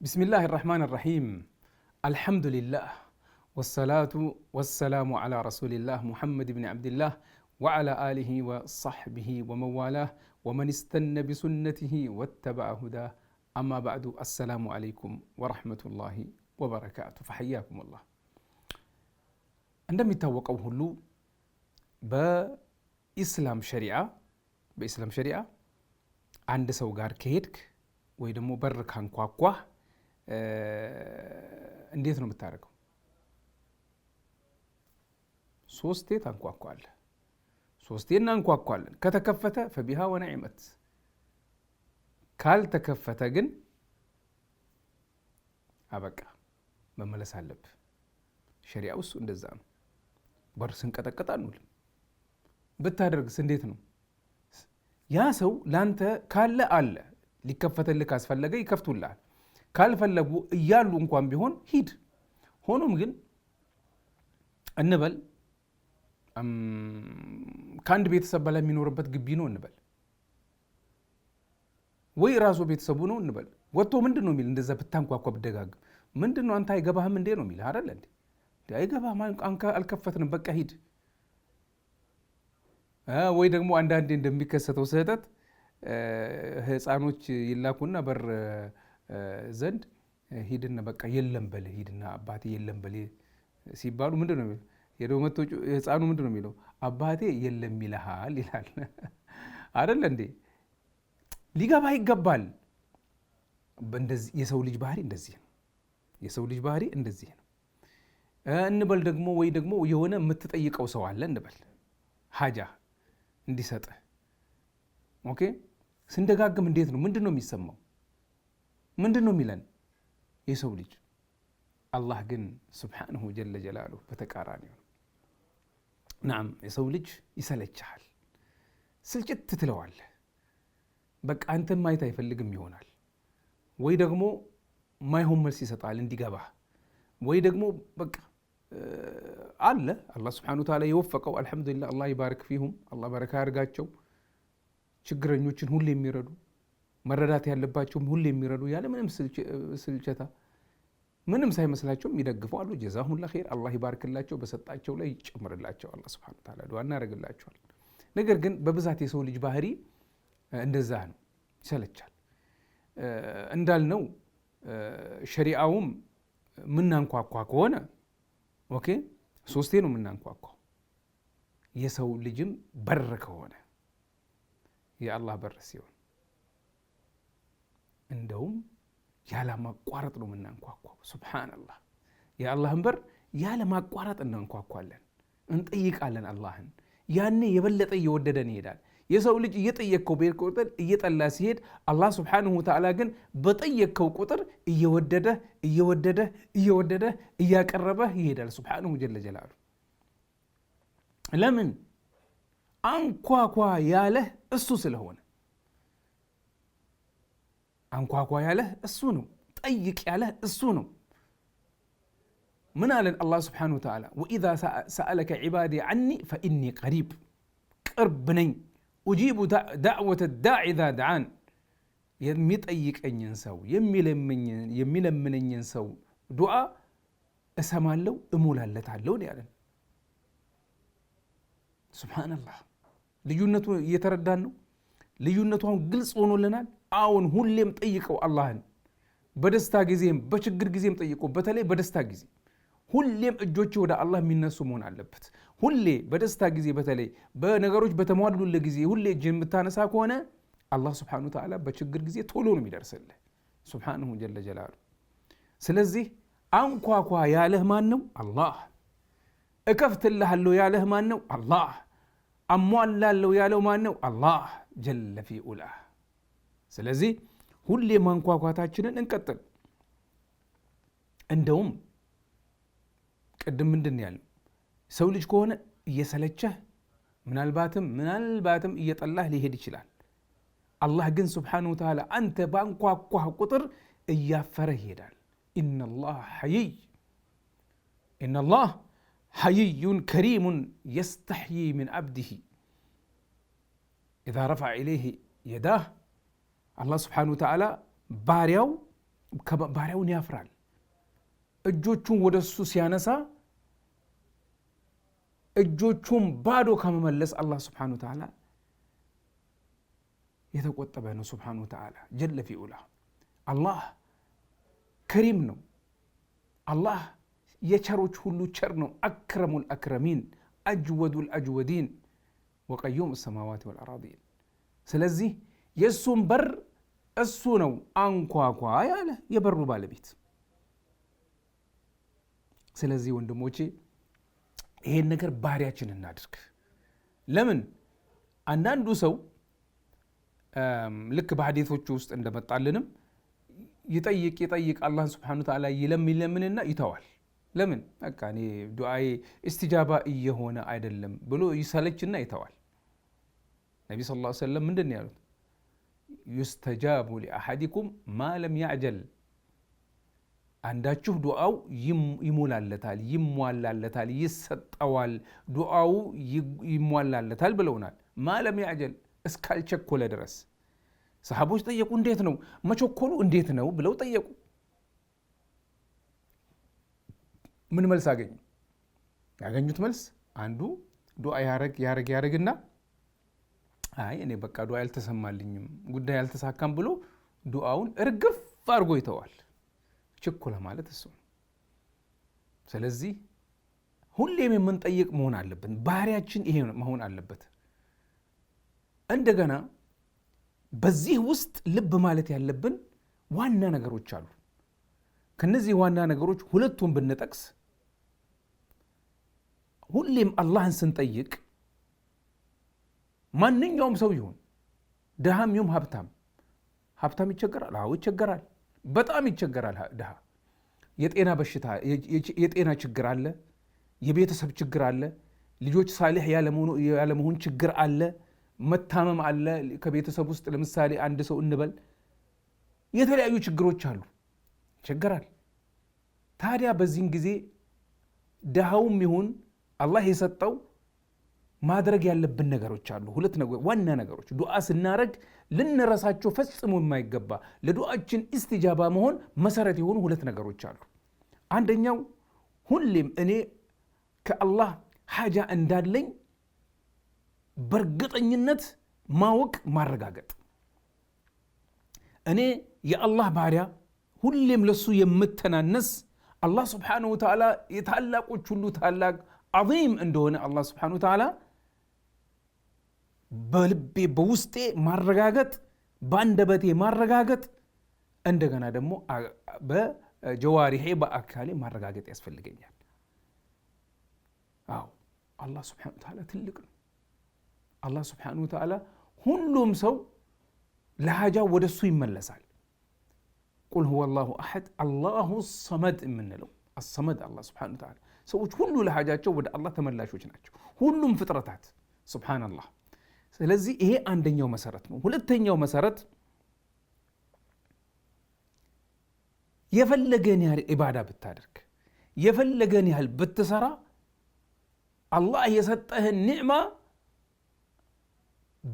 بسم الله الرحمن الرحيم الحمد لله والصلاة والسلام على رسول الله محمد بن عبد الله وعلى آله وصحبه وموالاه ومن استنى بسنته واتبع هداه أما بعد السلام عليكم ورحمة الله وبركاته فحياكم الله እንደሚታወቀው ሁሉ በኢስላም ሸሪዓ በኢስላም ሸሪዓ አንድ ሰው ጋር ከሄድክ ወይ ደግሞ በር ካንኳኳህ እንዴት ነው የምታደርገው? ሶስቴ ታንኳኳለ። ሶስቴ እናንኳኳለን። ከተከፈተ ፈቢሃ ወነዒመት፣ ካልተከፈተ ግን አበቃ፣ መመለስ አለብ ሸሪያ ውስጥ እንደዛ ነው። በር ስንቀጠቀጥ አንውልም። ብታደርግስ እንዴት ነው? ያ ሰው ላንተ ካለ አለ ሊከፈተልህ ካስፈለገ ይከፍቱልሃል። ካልፈለጉ እያሉ እንኳን ቢሆን ሂድ። ሆኖም ግን እንበል ከአንድ ቤተሰብ በላይ የሚኖርበት ግቢ ነው እንበል፣ ወይ ራሱ ቤተሰቡ ነው እንበል። ወጥቶ ምንድን ነው የሚል እንደዛ ብታንኳኳ ብደጋግም ምንድን ነው አንተ አይገባህም እንዴ ነው የሚል አደለ እንዴ? አይገባህም አልከፈትንም፣ በቃ ሂድ። ወይ ደግሞ አንዳንዴ እንደሚከሰተው ስህተት ህፃኖች ይላኩና በር ዘንድ ሂድና በቃ የለም በል ሂድና አባቴ የለም በል ሲባሉ ምንድን ነው ሄደው መቶ ህፃኑ ምንድን ነው የሚለው? አባቴ የለም ይልሃል ይላል አደለ እንዴ? ሊገባ ይገባል። የሰው ልጅ ባህሪ እንደዚህ ነው። የሰው ልጅ ባህሪ እንደዚህ ነው እንበል ደግሞ ወይ ደግሞ የሆነ የምትጠይቀው ሰው አለ እንበል ሀጃ እንዲሰጥህ ኦኬ። ስንደጋግም እንዴት ነው ምንድን ነው የሚሰማው? ምንድን ነው የሚለን የሰው ልጅ? አላህ ግን ስብሓንሁ ጀለ ጀላሉ በተቃራኒው ነው። ናም የሰው ልጅ ይሰለችሃል፣ ስልጭት ትለዋለህ። በቃ አንተን ማየት አይፈልግም ይሆናል ወይ ደግሞ ማይሆን መልስ ይሰጣል እንዲገባህ ወይ ደግሞ በቃ አለ አላህ ስብሓነሁ ተዓላ የወፈቀው አልሐምዱሊላህ። አላህ ይባርክ ፊሁም፣ አላህ በረካ ያርጋቸው። ችግረኞችን ሁሌ የሚረዱ መረዳት ያለባቸውም ሁሉ የሚረዱ ያለ ምንም ስልቸታ ምንም ሳይመስላቸውም የሚደግፈው አሉ። ጀዛሁላ ኸይር አላህ ይባርክላቸው፣ በሰጣቸው ላይ ይጨምርላቸው። አላህ ሱብሓነሁ ወተዓላ ዱዓ እናደርግላቸዋል። ነገር ግን በብዛት የሰው ልጅ ባህሪ እንደዛ ነው፣ ይሰለቻል። እንዳልነው ሸሪአውም ምናንኳኳ ከሆነ ኦኬ፣ ሶስቴ ነው የምናንኳኳው። የሰው ልጅም በር ከሆነ የአላህ በር ሲሆን እንደውም ያለማቋረጥ ነው የምናንኳኳው። ሱብሓነላህ የአላህን በር ያለማቋረጥ እናንኳኳለን፣ እንጠይቃለን አላህን። ያኔ የበለጠ እየወደደን ይሄዳል። የሰው ልጅ እየጠየቅከው በሄድክ ቁጥር እየጠላ ሲሄድ አላህ ስብሓንሁ ወተዓላ ግን በጠየቅከው ቁጥር እየወደደ እየወደደ እየወደደ እያቀረበ ይሄዳል። ስብሓንሁ ጀለ ጀላሉ። ለምን አንኳኳ ያለህ እሱ ስለሆነ አንኳኳ ያለህ እሱ ነው። ጠይቅ ያለህ እሱ ነው። ምን አለን አላህ ስብሓነሁ ወተዓላ ወኢዛ ሰአለከ ዒባዲ አኒ ፈኢኒ ቀሪብ፣ ቅርብ ነኝ። ኡጂቡ ዳዕወተ ዳዕ ኢዛ ደዓን፣ የሚጠይቀኝን ሰው የሚለምነኝን ሰው ዱዓ እሰማለሁ እሞላለታለሁ ያለን። ሱብሓነላህ ልዩነቱ እየተረዳን ነው። ልዩነቱ አሁን ግልጽ ሆኖልናል። አሁን ሁሌም ጠይቀው አላህን። በደስታ ጊዜም በችግር ጊዜም ጠይቁ። በተለይ በደስታ ጊዜ ሁሌም እጆች ወደ አላህ የሚነሱ መሆን አለበት። ሁሌ በደስታ ጊዜ፣ በተለይ በነገሮች በተሟሉለ ጊዜ ሁሌ እጅ የምታነሳ ከሆነ አላህ ስብሓነሁ ወተዓላ በችግር ጊዜ ቶሎ ነው የሚደርስልህ ስብሓነሁ ጀለ ጀላሉ። ስለዚህ አንኳኳ ያለህ ማን ነው? አላህ። እከፍትልሃለሁ ያለህ ማን ነው? አላህ። አሟላለሁ ያለው ማን ነው? አላህ ጀለ ፊ ኡላህ ስለዚህ ሁሌ ማንኳኳታችንን እንቀጥል። እንደውም ቅድም ምንድን ያለው ሰው ልጅ ከሆነ እየሰለቸህ ምናልባትም ምናልባትም እየጠላህ ሊሄድ ይችላል። አላህ ግን ስብሓነሁ ወተዓላ አንተ ባንኳኳህ ቁጥር እያፈረ ይሄዳል። ኢነላህ ሐይይ ኢነላህ ሐይዩን ከሪሙን የስተሕይ ምን አብድሂ ኢዛ ረፈዐ ኢለይህ የዳህ አላህ ስብሓነሁ ወተዓላ ባሪያው ባሪያውን ያፍራል። እጆቹን ወደ እሱ ሲያነሳ እጆቹን ባዶ ከመመለስ አላህ ስብሓነሁ ወተዓላ የተቆጠበ ነው። ስብሓነሁ ወተዓላ ጀለ ፊ አላህ ከሪም ነው። አላህ የቸሮች ሁሉ ቸር ነው። አክረሙል አክረሚን አጅወዱል አጅወዲን ወቀዩም ሰማዋት ወልአራዲን ስለዚህ የእሱን በር እሱ ነው አንኳኳ ያለ የበሩ ባለቤት። ስለዚህ ወንድሞቼ ይሄን ነገር ባህሪያችን እናድርግ። ለምን አንዳንዱ ሰው ልክ በሀዲቶቹ ውስጥ እንደመጣልንም ይጠይቅ ይጠይቅ አላህን ስብሐነ ወተዓላ ይለምን ይለምንና ይተዋል። ለምን በቃ እኔ ዱዓዬ እስቲጃባ እየሆነ አይደለም ብሎ ይሰለችና ይተዋል። ነቢ ስ ዐለይሂ ምንድን ነው ያሉት? ዩስተጃቡ ሊአሐዲኩም ማለም ለም ያዕጀል አንዳችሁ ዱዓው ይሞላለታል፣ ይሟላለታል፣ ይሰጠዋል፣ ዱዓው ይሟላለታል ብለውናል። ማለም ያዕጀል እስካልቸኮለ ድረስ ሰሓቦች ጠየቁ። እንዴት ነው መቸኮሉ? እንዴት ነው ብለው ጠየቁ። ምን መልስ አገኙ? ያገኙት መልስ አንዱ ዱዓ ያረግ ያረግ ያረግና አይ እኔ በቃ ዱዓ አልተሰማልኝም ጉዳይ አልተሳካም ብሎ ዱዓውን እርግፍ አድርጎ ይተዋል። ችኩለ ማለት እሱ ነው። ስለዚህ ሁሌም የምንጠይቅ መሆን አለብን። ባህሪያችን ይሄ መሆን አለበት። እንደገና በዚህ ውስጥ ልብ ማለት ያለብን ዋና ነገሮች አሉ። ከነዚህ ዋና ነገሮች ሁለቱን ብንጠቅስ ሁሌም አላህን ስንጠይቅ ማንኛውም ሰው ይሁን ድሃም ይሁን ሀብታም፣ ሀብታም ይቸገራል። አዎ ይቸገራል፣ በጣም ይቸገራል። ድሃ የጤና በሽታ የጤና ችግር አለ፣ የቤተሰብ ችግር አለ፣ ልጆች ሳሊህ ያለመሆን ችግር አለ፣ መታመም አለ። ከቤተሰብ ውስጥ ለምሳሌ አንድ ሰው እንበል የተለያዩ ችግሮች አሉ፣ ይቸገራል። ታዲያ በዚህን ጊዜ ድሃውም ይሁን አላህ የሰጠው ማድረግ ያለብን ነገሮች አሉ። ሁለት ዋና ነገሮች ዱዓ ስናረግ ልንረሳቸው ፈጽሞ የማይገባ ለዱዓችን ኢስቲጃባ መሆን መሰረት የሆኑ ሁለት ነገሮች አሉ። አንደኛው ሁሌም እኔ ከአላህ ሓጃ እንዳለኝ በእርግጠኝነት ማወቅ ማረጋገጥ። እኔ የአላህ ባሪያ ሁሌም ለሱ የምተናነስ አላህ ስብሓነሁ ወተዓላ የታላቆች ሁሉ ታላቅ ዐዚም እንደሆነ አላህ ስብሓነሁ ወተዓላ በልቤ በውስጤ ማረጋገጥ በአንደበቴ ማረጋገጥ እንደገና ደግሞ በጀዋሪሄ በአካሌ ማረጋገጥ ያስፈልገኛል። አዎ አላህ ስብሓነሁ ወተዓላ ትልቅ ነው። አላህ ስብሓነሁ ወተዓላ ሁሉም ሰው ለሀጃው ወደ እሱ ይመለሳል። ቁል ሁወ አላሁ አሐድ አላሁ ሰመድ የምንለው አሰመድ አላህ ስብሓነሁ ወተዓላ ሰዎች ሁሉ ለሀጃቸው ወደ አላህ ተመላሾች ናቸው። ሁሉም ፍጥረታት ስብሓነላህ ስለዚህ ይሄ አንደኛው መሰረት ነው። ሁለተኛው መሰረት የፈለገን ያህል ኢባዳ ብታደርግ የፈለገን ያህል ብትሰራ አላህ የሰጠህን ኒዕማ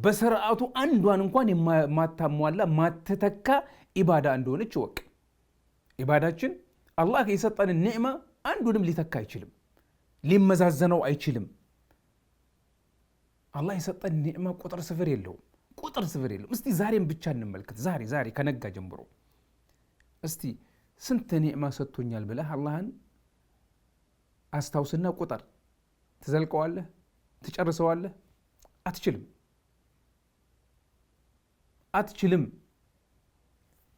በስርዓቱ አንዷን እንኳን የማታሟላ ማትተካ ኢባዳ እንደሆነች ወቅ ኢባዳችን አላህ የሰጠንን ኒዕማ አንዱንም ሊተካ አይችልም፣ ሊመዛዘነው አይችልም። አላህ የሰጠን ኒዕማ ቁጥር ስፍር የለውም፣ ቁጥር ስፍር የለውም። እስቲ ዛሬም ብቻ እንመልከት። ዛሬ ዛሬ ከነጋ ጀምሮ እስቲ ስንት ኒዕማ ሰጥቶኛል ብለህ አላህን አስታውስና ቁጥር። ትዘልቀዋለህ? ትጨርሰዋለህ? አትችልም፣ አትችልም።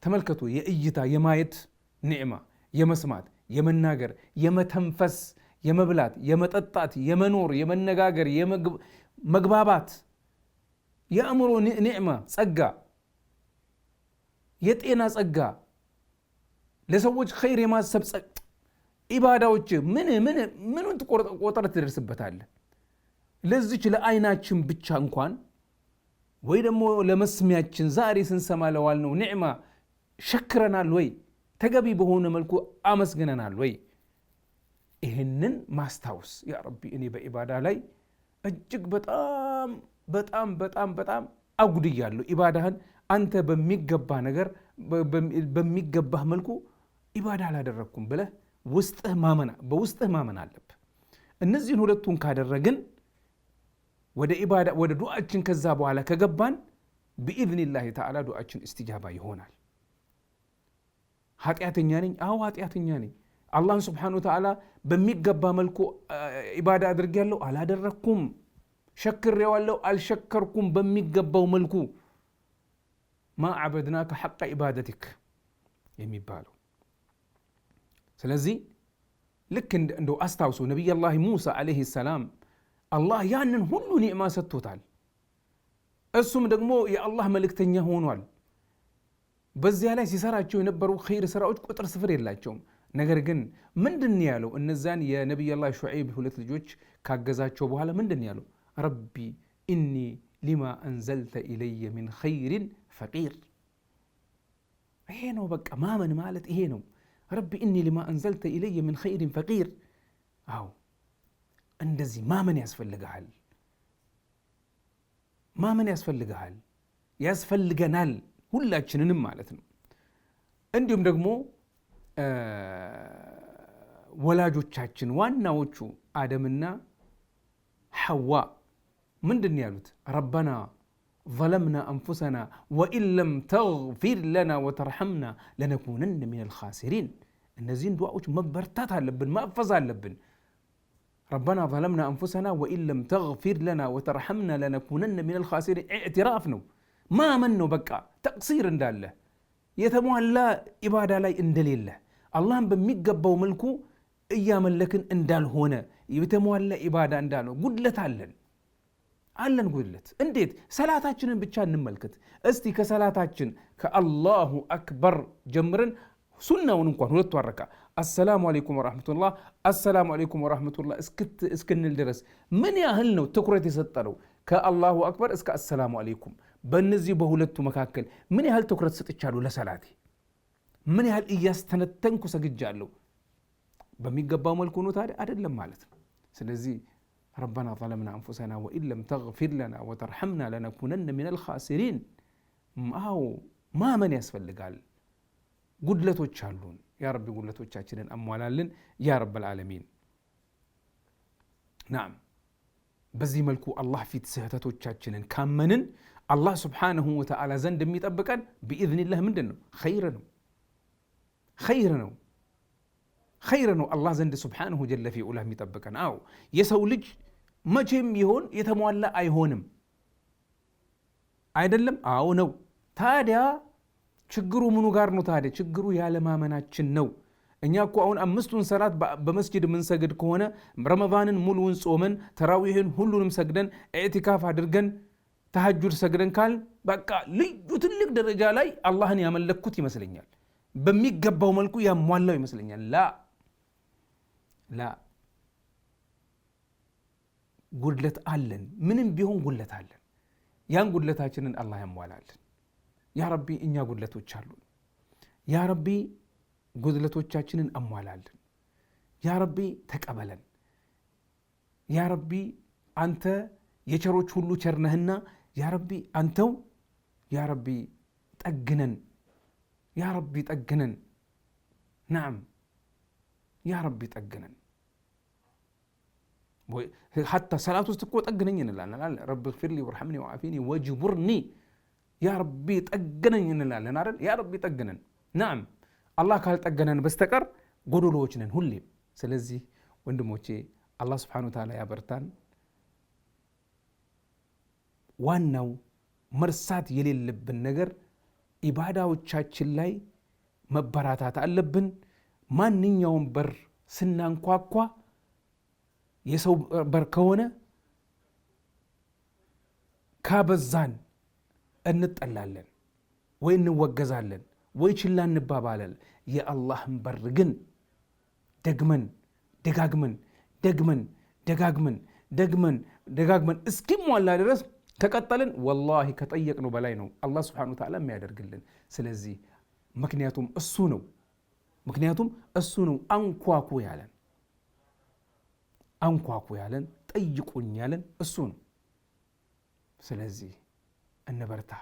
ተመልከቱ፣ የእይታ የማየት ኒዕማ፣ የመስማት፣ የመናገር፣ የመተንፈስ፣ የመብላት፣ የመጠጣት፣ የመኖር፣ የመነጋገር መግባባት፣ የአእምሮ ኒዕማ ጸጋ፣ የጤና ጸጋ፣ ለሰዎች ኸይር የማሰብ ኢባዳዎች ምን ምን ምኑን ቆጠር ትደርስበታለህ? ለዚች ለአይናችን ብቻ እንኳን ወይ ደግሞ ለመስሚያችን ዛሬ ስንሰማ ለዋል ኒዕማ ሸክረናል ወይ? ተገቢ በሆነ መልኩ አመስግነናል ወይ? ይህንን ማስታወስ ያ ረቢ እኔ በኢባዳ ላይ እጅግ በጣም በጣም በጣም በጣም አጉድያለሁ። ኢባዳህን አንተ በሚገባ ነገር በሚገባህ መልኩ ኢባዳ አላደረግኩም ብለህ ውስጥህ ማመና በውስጥህ ማመን አለብ እነዚህን ሁለቱን ካደረግን ወደ ኢባዳ ወደ ዱዓችን ከዛ በኋላ ከገባን ብኢዝኒላህ ተዓላ ዱዓችን እስትጃባ ይሆናል። ኃጢአተኛ ነኝ? አዎ ኃጢአተኛ ነኝ። አላህን ስብሓነ ወተዓላ በሚገባ መልኩ ኢባዳ አድርጌያለሁ አላደረግኩም፣ ሸክሬዋለሁ አልሸከርኩም በሚገባው መልኩ ማ አበድናከ ሐቀ ኢባደቲክ የሚባለው። ስለዚህ ልክ እንደው አስታውሶ ነቢያላህ ሙሳ ዓለይሂ ሰላም አላህ ያንን ሁሉ ኒዕማ ሰጥቶታል። እሱም ደግሞ የአላህ መልእክተኛ ሆኗል። በዚያ ላይ ሲሰራቸው የነበሩ ኸይር ስራዎች ቁጥር ስፍር የላቸውም። ነገር ግን ምንድን ያለው እነዛን የነቢያላህ ሹዐይብ ሁለት ልጆች ካገዛቸው በኋላ ምንድን ያለው? ረቢ ኢኒ ሊማ አንዘልተ ኢለየ ሚን ኸይሪን ፈቂር። ይሄ ነው በቃ ማመን ማለት ይሄ ነው። ረቢ ኢኒ ሊማ አንዘልተ ኢለየ ሚን ኸይሪን ፈቂር። አዎ እንደዚህ ማመን ያስፈልግሃል፣ ማመን ያስፈልግሃል፣ ያስፈልገናል ሁላችንንም ማለት ነው። እንዲሁም ደግሞ ወላጆቻችን ዋናዎቹ አደምና ሐዋ ምንድን ያሉት ረበና ዘለምና አንፉሰና ወኢን ለም ተግፊር ለና ወተርሐምና ለነኩነን ሚነል ኻሲሪን። እነዚህን ዱዓዎች መበርታት አለብን፣ ማፈዝ አለብን። ረበና ዘለምና አንፉሰና ወኢን ለም ተግፊር ለና ወተርሐምና ለነኩነነ ሚነል ኻሲሪን። ኢዕትራፍ ነው ማመን ነው። በቃ ተቅሲር እንዳለ የተሟላ ኢባዳ ላይ እንደሌለ አላህን በሚገባው መልኩ እያመለክን እንዳልሆነ የተሟላ ኢባዳ እንዳለ ጉድለት አለን አለን ጉድለት። እንዴት ሰላታችንን ብቻ እንመልከት እስቲ። ከሰላታችን ከአላሁ አክበር ጀምረን ሱናውን እንኳን ሁለቱ አረካ አሰላሙ አለይኩም ወራህመቱላህ አሰላሙ አለይኩም ወራህመቱላህ እስክንል ድረስ ምን ያህል ነው ትኩረት የሰጠነው? ከአላሁ አክበር እስከ አሰላሙ አለይኩም በእነዚህ በሁለቱ መካከል ምን ያህል ትኩረት ሰጥቻሉ ለሰላቴ ምን ያህል እያስተነተንኩ ሰግጃለሁ? በሚገባው መልኩ ነው ታዲያ አይደለም ማለት ነው። ስለዚህ ረበና ዘለምና አንፉሰና ወኢን ለም ተግፊር ለና ወተርሐምና ለነኩነነ ሚነል ኻሲሪን። አዎ ማመን ያስፈልጋል። ጉድለቶች አሉን። ያ ጉድለቶቻችንን አሟላልን ያ ረበል ናም በዚህ መልኩ አላህ ፊት ስህተቶቻችንን ካመንን አላህ ስብሓነሁ ወተዓላ ዘንድ የሚጠብቀን ብኢዝኒላህ ምንድን ነው ኸይር ነው። ኸይር ነው ኸይር ነው። አላህ ዘንድ ሱብሓነሁ ጀለ ፊዑላ የሚጠብቀን። አዎ የሰው ልጅ መቼም ይሆን የተሟላ አይሆንም አይደለም? አዎ ነው። ታዲያ ችግሩ ምኑ ጋር ነው? ታዲያ ችግሩ ያለማመናችን ነው። እኛ እኮ አሁን አምስቱን ሰላት በመስጅድ ምንሰግድ ከሆነ ረመዳንን ሙሉውን ጾመን ተራዊህን ሁሉንም ሰግደን ኢዕቲካፍ አድርገን ተሐጁድ ሰግደን ካል በቃ ልዩ ትልቅ ደረጃ ላይ አላህን ያመለኩት ይመስለኛል። በሚገባው መልኩ ያሟላው ይመስለኛል። ላ ላ ጉድለት አለን፣ ምንም ቢሆን ጉድለት አለን። ያን ጉድለታችንን አላህ ያሟላልን። ያ ረቢ እኛ ጉድለቶች አሉን። ያ ረቢ ጉድለቶቻችንን አሟላልን። ያ ረቢ ተቀበለን። ያ ረቢ አንተ የቸሮች ሁሉ ቸርነህና ያ ረቢ አንተው ያ ረቢ ጠግነን ያ ረቢ ጠግነን። ናም ያ ረቢ ጠግነን። ሐታ ሰላት ውስጥ እኮ ጠግነኝ እንላለን። ረቢ ግፊርሊ ወርሐምኒ ወዓፊኒ ወጅቡርኒ ያ ረቢ ጠግነኝ እንላለን አይደል? ያ ረቢ ጠግነን። ናም አላህ ካልጠገነን በስተቀር ጎዶሎዎች ነን ሁሌም። ስለዚህ ወንድሞቼ አላህ ስብሓነሁ ወተዓላ ያበርታን። ዋናው መርሳት የሌለብን ነገር ኢባዳዎቻችን ላይ መበራታት አለብን። ማንኛውም በር ስናንኳኳ የሰው በር ከሆነ ካበዛን እንጠላለን ወይ እንወገዛለን ወይ ችላ እንባባለን። የአላህን በር ግን ደግመን ደጋግመን ደግመን ደጋግመን ደግመን ደጋግመን እስኪሟላ ድረስ ተቀጠልን ወላሂ ከጠየቅነው በላይ ነው አላህ ስብሐነሁ ወተዓላ የሚያደርግልን። ስለዚህ ምክንያቱም እሱ ነው ምክንያቱም እሱ ነው አንኳኩ ያለን አንኳኩ ያለን ጠይቁኝ ያለን እሱ ነው። ስለዚህ እንበርታ፣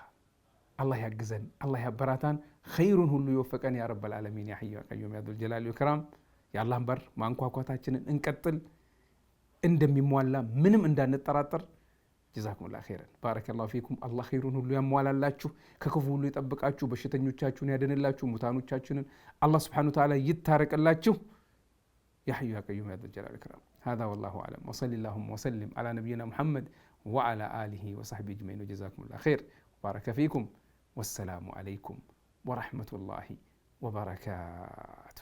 አላህ ያግዘን፣ አላህ ያበራታን፣ ኸይሩን ሁሉ የወፈቀን ያ ረበል ዓለሚን ያ ሐዩ ያ ቀዩም ያ ዙል ወልኢክራም። የአላህን በር ማንኳኳታችንን እንቀጥል እንደሚሟላ ምንም እንዳንጠራጠር ጀዛኩሙላህ ኸይረን ባረከላሁ ፊኩም። አላህ ኸይሩን ሁሉ ያሟላላችሁ፣ ከክፉ ሁሉ ይጠብቃችሁ፣ በሽተኞቻችሁን ያደንላችሁ፣ ሙታኖቻችንን አላህ ስብሓነሁ ወተዓላ ይታረቅላችሁ። ያ ሐዩ ያ ቀዩም ያ ዘልጀላል ወልኢክራም። ሀዛ ወላሁ አዕለም። ወሰሊ ላሁም ወሰልም ዓላ ነቢይና ሙሐመድ ወዓላ አሊሂ ወሰሕቢ አጅመዒን። ጀዛኩሙላህ ኸይር ባረከ ፊኩም። ወሰላሙ ዓለይኩም ወረሕመቱላሂ ወበረካቱ